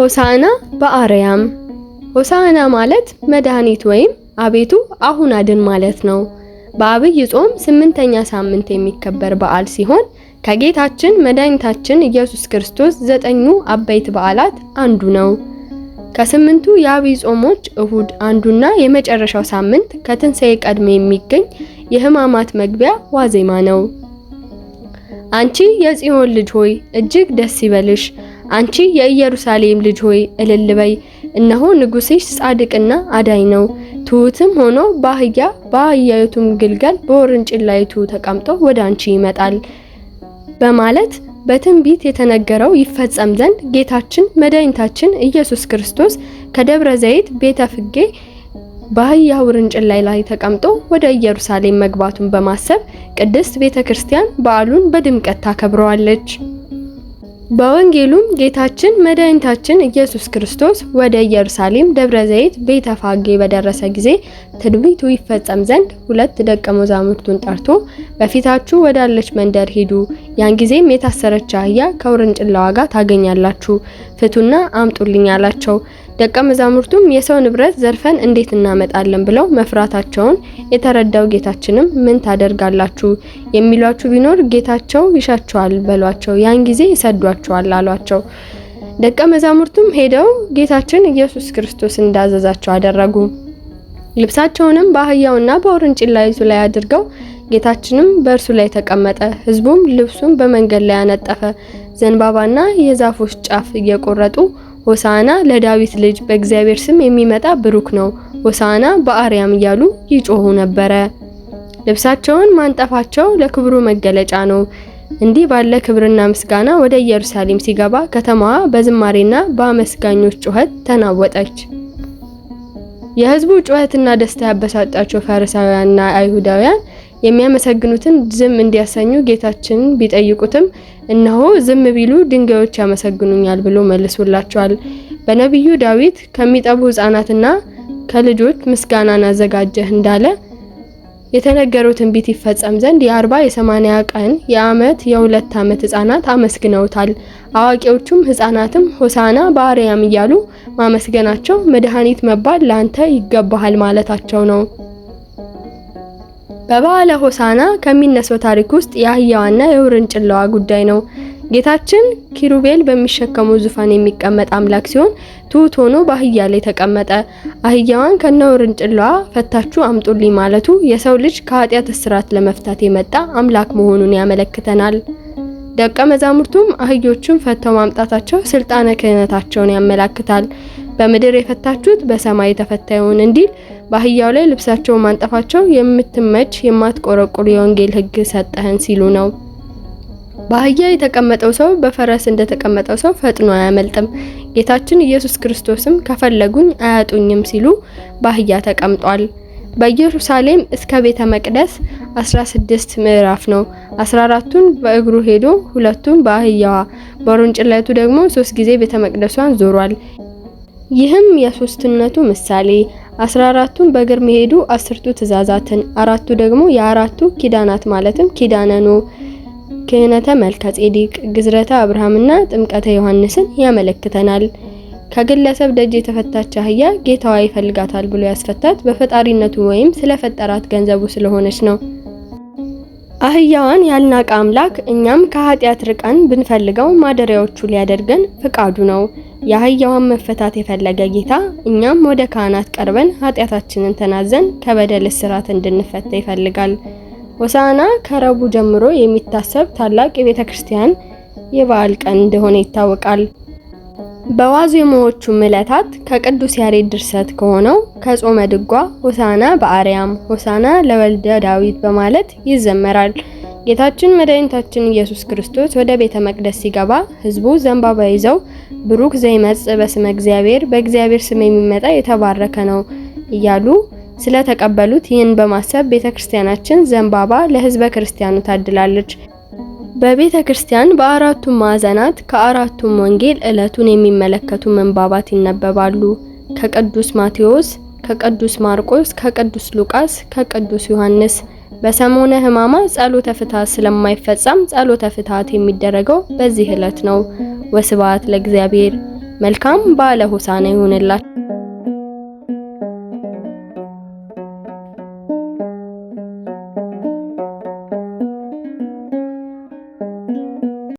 ሆሳዕና በአርያም ሆሳዕና ማለት መድኃኒት ወይም አቤቱ አሁን አድን ማለት ነው። በአብይ ጾም ስምንተኛ ሳምንት የሚከበር በዓል ሲሆን ከጌታችን መድኃኒታችን ኢየሱስ ክርስቶስ ዘጠኙ አበይት በዓላት አንዱ ነው። ከስምንቱ የአብይ ጾሞች እሁድ አንዱና የመጨረሻው ሳምንት ከትንሣኤ ቀድሞ የሚገኝ የሕማማት መግቢያ ዋዜማ ነው። አንቺ የጽዮን ልጅ ሆይ እጅግ ደስ ይበልሽ አንቺ የኢየሩሳሌም ልጅ ሆይ እልል በይ፣ እነሆ ንጉሥሽ ጻድቅና አዳኝ ነው። ትሑትም ሆኖ በአህያ በአህያይቱም ግልገል በውርንጭላይቱ ተቀምጦ ወደ አንቺ ይመጣል በማለት በትንቢት የተነገረው ይፈጸም ዘንድ ጌታችን መድኃኒታችን ኢየሱስ ክርስቶስ ከደብረ ዘይት ቤተ ፍጌ በአህያ ውርንጭላይ ላይ ተቀምጦ ወደ ኢየሩሳሌም መግባቱን በማሰብ ቅድስት ቤተ ክርስቲያን በዓሉን በድምቀት ታከብረዋለች። በወንጌሉም ጌታችን መድኃኒታችን ኢየሱስ ክርስቶስ ወደ ኢየሩሳሌም ደብረ ዘይት ቤተ ፋጌ በደረሰ ጊዜ ትንቢቱ ይፈጸም ዘንድ ሁለት ደቀ መዛሙርቱን ጠርቶ በፊታችሁ ወዳለች መንደር ሂዱ፣ ያን ጊዜም የታሰረች አህያ ከውርንጭላዋ ጋር ታገኛላችሁ፣ ፍቱና አምጡልኝ አላቸው። ደቀ መዛሙርቱም የሰው ንብረት ዘርፈን እንዴት እናመጣለን ብለው መፍራታቸውን የተረዳው ጌታችንም ምን ታደርጋላችሁ የሚሏችሁ ቢኖር ጌታቸው ይሻችኋል በሏቸው፣ ያን ጊዜ ይሰዷችኋል አሏቸው። ደቀ መዛሙርቱም ሄደው ጌታችን ኢየሱስ ክርስቶስ እንዳዘዛቸው አደረጉ። ልብሳቸውንም በአህያውና በውርንጭላይቱ ላይ አድርገው ጌታችንም በእርሱ ላይ ተቀመጠ። ህዝቡም ልብሱን በመንገድ ላይ ያነጠፈ፣ ዘንባባና የዛፎች ጫፍ እየቆረጡ ሆሳና ለዳዊት ልጅ በእግዚአብሔር ስም የሚመጣ ብሩክ ነው፣ ሆሳና በአርያም እያሉ ይጮሁ ነበረ። ልብሳቸውን ማንጠፋቸው ለክብሩ መገለጫ ነው። እንዲህ ባለ ክብርና ምስጋና ወደ ኢየሩሳሌም ሲገባ ከተማዋ በዝማሬና በአመስጋኞች ጩኸት ተናወጠች። የህዝቡ ጩኸትና ደስታ ያበሳጫቸው ፈሪሳውያንና አይሁዳውያን የሚያመሰግኑትን ዝም እንዲያሰኙ ጌታችንን ቢጠይቁትም እነሆ ዝም ቢሉ ድንጋዮች ያመሰግኑኛል ብሎ መልሶላቸዋል። በነቢዩ ዳዊት ከሚጠቡ ህጻናትና ከልጆች ምስጋናን አዘጋጀህ እንዳለ የተነገረው ትንቢት ይፈጸም ዘንድ የአርባ የሰማንያ ቀን የአመት የሁለት አመት ህጻናት አመስግነውታል። አዋቂዎቹም ህጻናትም ሆሳና በአርያም እያሉ ማመስገናቸው መድኃኒት መባል ላንተ ይገባሃል ማለታቸው ነው። በበዓለ ሆሳና ከሚነሳው ታሪክ ውስጥ የአህያዋና የውርንጭላዋ ጉዳይ ነው። ጌታችን ኪሩቤል በሚሸከሙ ዙፋን የሚቀመጥ አምላክ ሲሆን ትሑት ሆኖ በአህያ ላይ ተቀመጠ። አህያዋን ከነውርንጭላዋ ፈታችሁ አምጡልኝ ማለቱ የሰው ልጅ ከኃጢአት እስራት ለመፍታት የመጣ አምላክ መሆኑን ያመለክተናል። ደቀ መዛሙርቱም አህዮቹን ፈተው ማምጣታቸው ስልጣነ ክህነታቸውን ያመላክታል። በምድር የፈታችሁት በሰማይ የተፈታ ይሁን እንዲል በአህያው ላይ ልብሳቸውን ማንጠፋቸው የምትመች የማትቆረቁር የወንጌል ሕግ ሰጠህን ሲሉ ነው። በአህያ የተቀመጠው ሰው በፈረስ እንደተቀመጠው ሰው ፈጥኖ አያመልጥም። ጌታችን ኢየሱስ ክርስቶስም ከፈለጉኝ አያጡኝም ሲሉ በአህያ ተቀምጧል። በኢየሩሳሌም እስከ ቤተ መቅደስ 16 ምዕራፍ ነው። 14ቱን በእግሩ ሄዶ ሁለቱን በአህያዋ በሩንጭለቱ ደግሞ ሶስት ጊዜ ቤተ መቅደሷን ዞሯል። ይህም የሶስትነቱ ምሳሌ 14ቱን በእግር መሄዱ አስርቱ ትእዛዛትን፣ አራቱ ደግሞ የአራቱ ኪዳናት ማለትም ኪዳነ ኖህ ክህነተ መልከ ጼዴቅ፣ ግዝረተ አብርሃምና ጥምቀተ ዮሐንስን ያመለክተናል። ከግለሰብ ደጅ የተፈታች አህያ ጌታዋ ይፈልጋታል ብሎ ያስፈታት በፈጣሪነቱ ወይም ስለፈጠራት ገንዘቡ ስለሆነች ነው። አህያዋን ያልናቀ አምላክ እኛም ከኃጢአት ርቀን ብንፈልገው ማደሪያዎቹ ሊያደርገን ፍቃዱ ነው። የአህያዋን መፈታት የፈለገ ጌታ እኛም ወደ ካህናት ቀርበን ኃጢአታችንን ተናዘን ከበደል እስራት እንድንፈታ ይፈልጋል። ሆሳዕና ከረቡ ጀምሮ የሚታሰብ ታላቅ የቤተ ክርስቲያን የበዓል ቀን እንደሆነ ይታወቃል። በዋዜማዎቹም ዕለታት ከቅዱስ ያሬድ ድርሰት ከሆነው ከጾመ ድጓ ሆሳዕና በአርያም ሆሳዕና ለወልደ ዳዊት በማለት ይዘመራል። ጌታችን መድኃኒታችን ኢየሱስ ክርስቶስ ወደ ቤተ መቅደስ ሲገባ ሕዝቡ ዘንባባ ይዘው ብሩክ ዘይመጽእ በስመ እግዚአብሔር በእግዚአብሔር ስም የሚመጣ የተባረከ ነው እያሉ ስለተቀበሉት ይህን በማሰብ ቤተክርስቲያናችን ዘንባባ ለህዝበ ክርስቲያኑ ታድላለች። በቤተ ክርስቲያን በአራቱም ማዕዘናት ከአራቱም ወንጌል ዕለቱን የሚመለከቱ ምንባባት ይነበባሉ። ከቅዱስ ማቴዎስ፣ ከቅዱስ ማርቆስ፣ ከቅዱስ ሉቃስ፣ ከቅዱስ ዮሐንስ። በሰሞነ ህማማ ጸሎተ ፍትሐት ስለማይፈጸም ጸሎተ ፍትሐት የሚደረገው በዚህ ዕለት ነው። ወስብሐት ለእግዚአብሔር። መልካም በዓለ ሆሳዕና ይሁንላችሁ።